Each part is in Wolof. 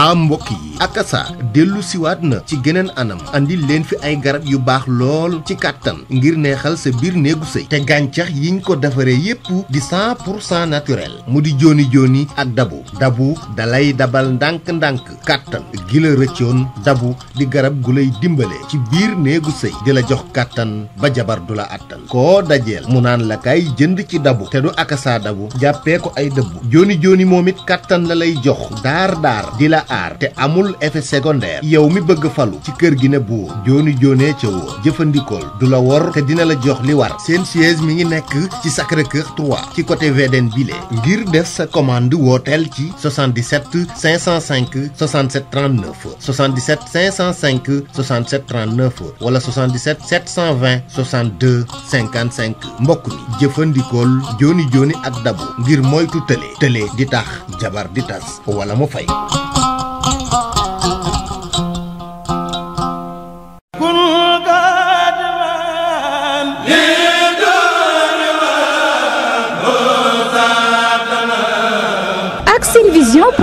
ah mbokk yi akasa cigenan na ci geneen anam andi leen fi ay garab yu baax lool ci kàttan ngir neexal sa biir néegu sëy te gàncax yiñ ko defaree yépp di 100 pour natural naturel mu di joni joni ak dabu dabu dalay dabal ndànk-ndànk kàttan gi la rëccoon dabu di garab gu lay dimbale ci biir néegu sëy di la jox kàttan ba jabar du la àttan koo dajeel mu naan la kay jënd ci dabu te du akasa dabu jàppee ko ay dëbb joni joni moom it kàttan la lay jox daar daar di la aar te amul effet secondaire yow mi bëgg falu ci kër gi ne buur jooni joonee ca wóor jëfandikool du la wor te dina la jox li war mi ngi nekk ci Sacré Cœur 3 ci côté VDN bile ngir def sa commande wooteel ci 77 505 67 39 77 505 67 39 wala 77 720 62 55 mbokk mi jëfandikool jooni jooni ak dabu ngir moytu tële tële di tax jabar di tas wala mu fay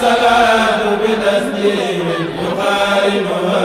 salaatu bi tasliim yuqaarimuha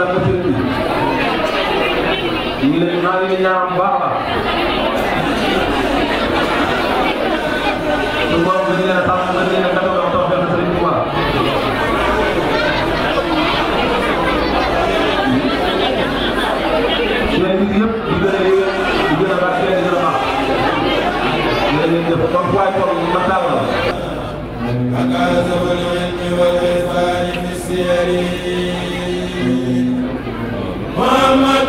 barka ci ñu ñu leen xali ni ñaam baax la ñu borom dañu leen tax dañu leen tax dox dox dañu sëriñ tuba leen di yëpp di gëna yëg di gëna leen def ma la محمد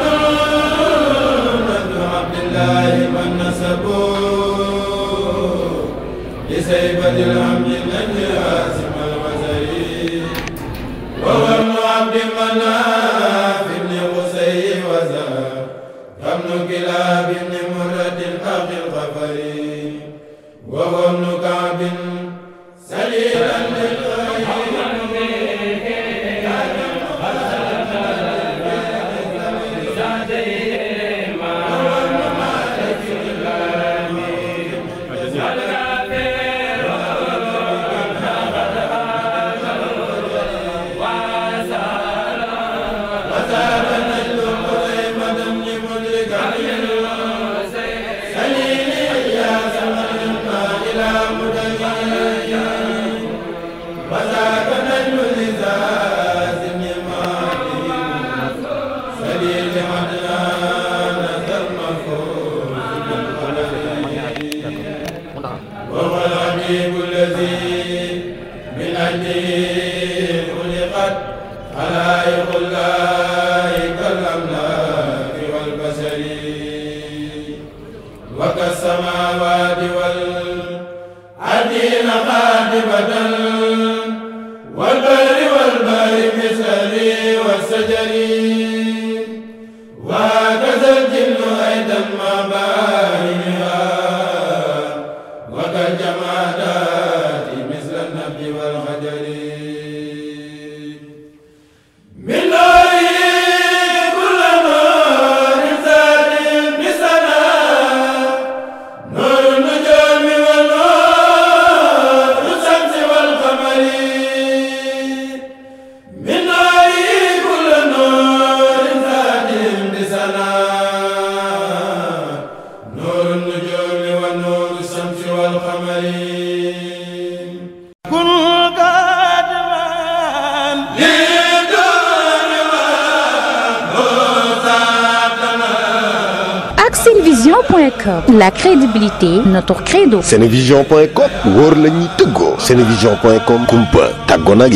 بن عبد الله من نسبوا لسيبة الهم من جاسم الوزي وهو ابن عبد مناف بن قصي وزاد ابن كلاب بن مرة الأخ الغفري وهو ابن من أجله خلقت خلائق الله Senevision.com la crédibilité notre credo Senevision.com world la ñuy Senevision.com kumpa tàggoo